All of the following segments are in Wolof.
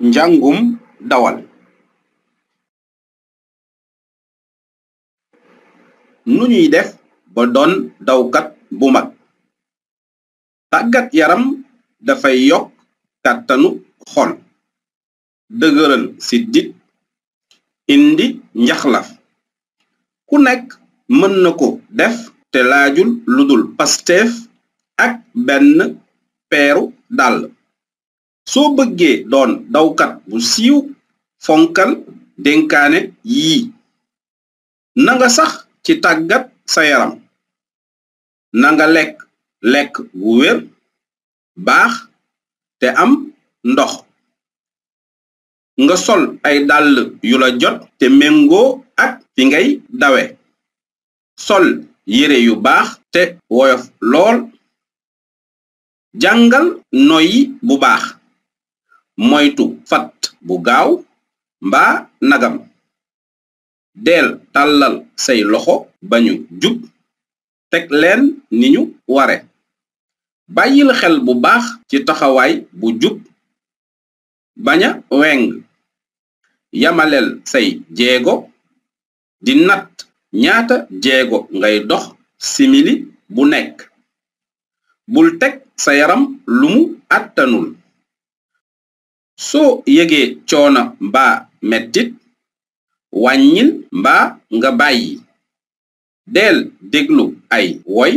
njàngum dawal nu ñuy def ba doon dawkat bu mag tàggat yaram dafay yokk kàttanu xol dëgëral siddit indi njaxlaf ku nekk mën na ko def te laajul ludul pasteef ak benn peeru dal soo bëggee doon dawkat bu siiw fonkal dénkaane yii nanga sax ci tàggat sa yaram na nga lekk lekk wu wér baax te am ndox nga sol ay dàll yu la jot te méngoo ak fi ngay dawe sol yére yu baax te woyof lool jàngal noyi bu baax moytu fat bu gaaw mba nagam deel tàllal say loxo bañu jub teg leen ni ñu ware bàyyil xel bu baax ci taxawaay bu jub baña weng yamalel say jéego di natt ñaata jéego ngay dox simili bu nekk bul teg sa yaram lu mu àttanul soo yëgee coono mbaa mettit wàññil mbaa nga bàyyi del déglu ay woy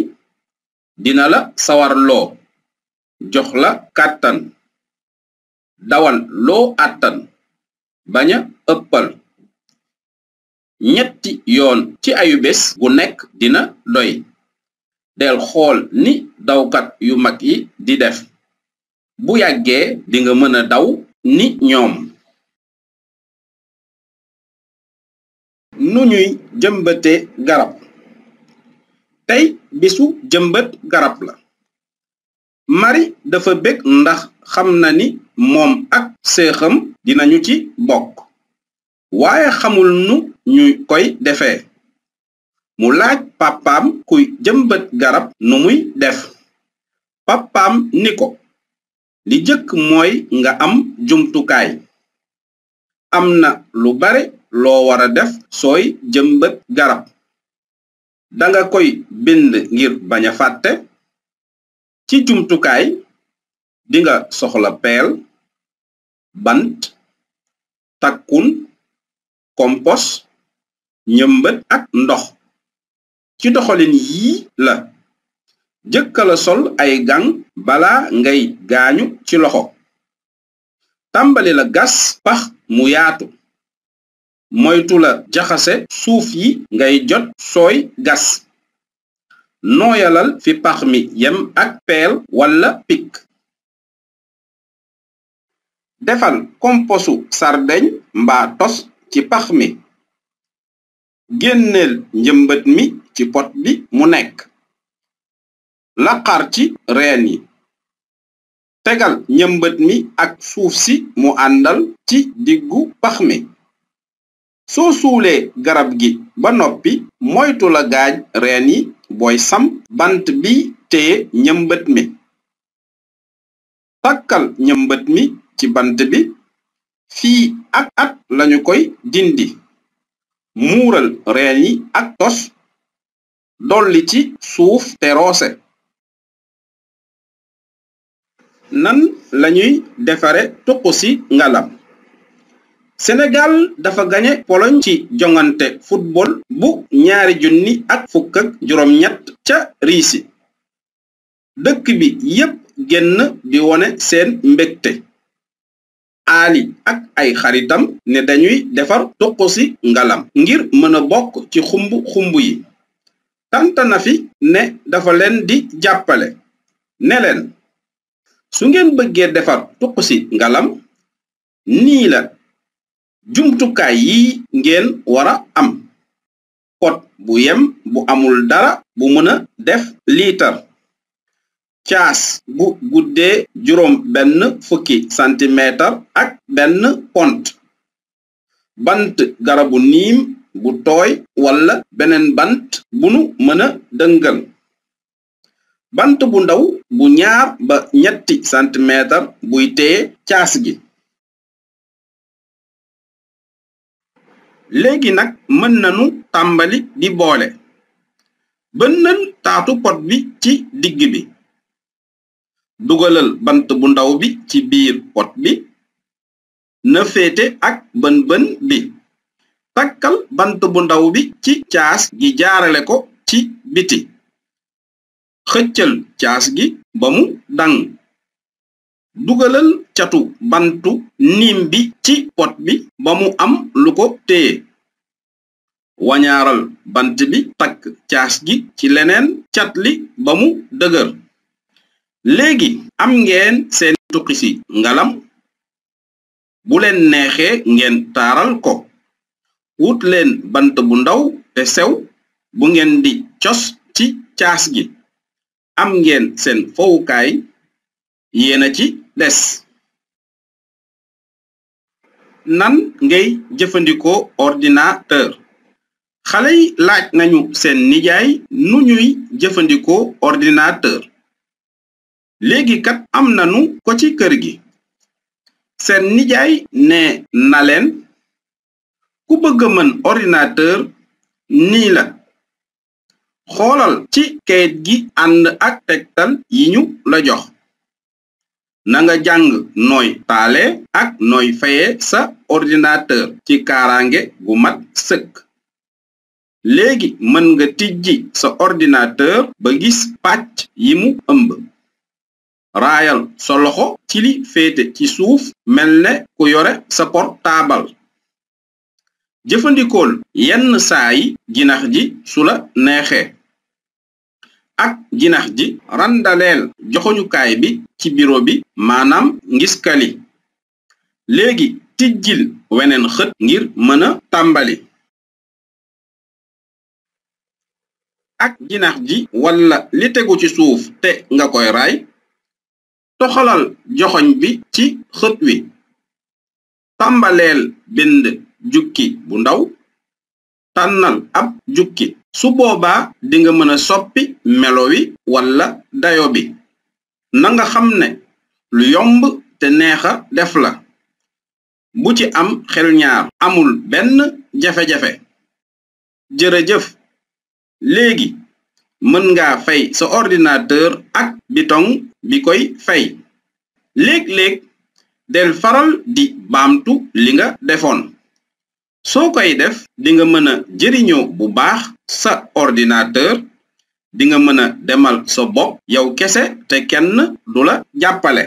dina la sawarloo jox la kàttan dawal loo àttan baña ëppal ñetti yoon ci ayu bés gu nekk dina doy del xool ni dawkat yu mag yi di def bu yàggee dinga mën a daw ni ñoom nu ñuy jëmbate garab tey bisu jëmbët garab la mari dafa bég ndax xam na ni moom ak séexam dinañu ci bokk waaye xamul nu ñu koy defee mu laaj papaam kuy jëmbët garab nu muy def papaam ni ko li jëkk mooy nga am jumtukaay am na lu bare loo wara def sooy jëmbat garab danga koy bind ngir bañ a fàtte ci jumtukaay dinga soxla peel bant takkun kompos ñëmbat ak ndox ci doxalin yii la jëkkala sol ay gàng bala ngay gaañu ci loxo tàmbali la gas pax mu yaatu moytu la jaxase suuf yi ngay jot sooy gas nooyalal fi pax mi yem ak peel walla pik defal komposu sardeñ mbaa tos ci pax mi génneel njëmbat mi ci pot bi mu nekk laqar ci reen tegal ñëmbët mi ak suuf si mu àndal ci diggu pax mi soo suulee garab gi ba noppi moytu la gaaj reen booy sam bant bi téye ñëmbët mi takkal ñëmbët mi ci bant bi fii ak at lañu koy dindi muural reen ak tos dolli ci suuf teroose nan lañuy defare tuqusi ngalam senegal dafa gañe Pologne ci jongante football bu ñaari junni ak fukk juróom-ñett ca risi dëkk bi yépp génn di wone seen mbégte Ali ak ay xaritam ne dañuy defar tuqusi ngalam ngir mën a bokk ci xumb xumb yi tàntana fi ne dafa leen di jàppale ne leen su ngeen bëggee defar tuqusi ngalam nii la jumtukaay yi ngeen wara am pot bu yem bu amul dara bu mën a def liitar caas bu guddee juróom benn fukki santimeetar ak benn pont bant garabu niim bu tooy wala beneen bant bunu mën a dëngal bantu bu ndaw bu ñaar ba ñetti santimetar buy tee caas gi léegi nag mën nanu tàmbali di boole bënnal taatu pot bi ci digg bi dugalal bant bu ndaw bi ci biir pot bi na féete ak bën bën bi takkal bant bu ndaw bi ci caas gi jaarale ko ci biti xëccal caas gi bamu mu dang dugalal catu bantu niim bi ci pot bi bamu am lu ko téye wañaaral bant bi takk caas gi ci leneen cat li ba mu dëgër léegi am ngeen seen tuqisi ngalam bu leen neexee ngeen taaral ko wut leen bant bu ndaw te sew bu ngeen di cos ci caas gi am ngeen seen fowukaay yéen a ci des nan ngay jëfandikoo ordinateur xale yi laaj nañu seen nijaay nu ñuy jëfandikoo ordinateur léegi kat am nanu ko ci kër gi seen nijaay ne na leen ku bëgg mën ordinateur nii la xoolal ci kayit gi ànd ak tegtal yi ñu la jox na nga jàng nooy taale ak nooy faye sa ordinateur ci kaaraange gu mat sëkk léegi mën nga tijji sa ordinateur ba gis pàcc yi mu ëmb raayal sa loxo ci li féete ci suuf mel ne ku yore sa jëfandikool yenn saay jinax ji sula neexee ak jinax ji randaleel joxoñukaay bi ci biro bi maanaam ngiskali léegi tijjil weneen xët ngir mën a tàmbali ak jinax ji walla li tegu ci suuf te nga koy raay toxolal joxoñ bi ci xët wi tàmbaleel bind jukki bu ndaw tànnal ab jukki su boobaa dinga mën a soppi melo wi walla dayo bi na nga xam ne lu yomb te neexa def la bu ci am xel ñaar amul benn jafe-jafe jërëjëf léegi mën nga fay sa ordinateur ak bitong bi koy fay léeg-léeg del faral di baamtu li nga defoon soo koy def dinga nga mën a jëriñoo bu baax sa ordinateur dinga nga mën a demal sa bopp yow kese te kenn du la jàppale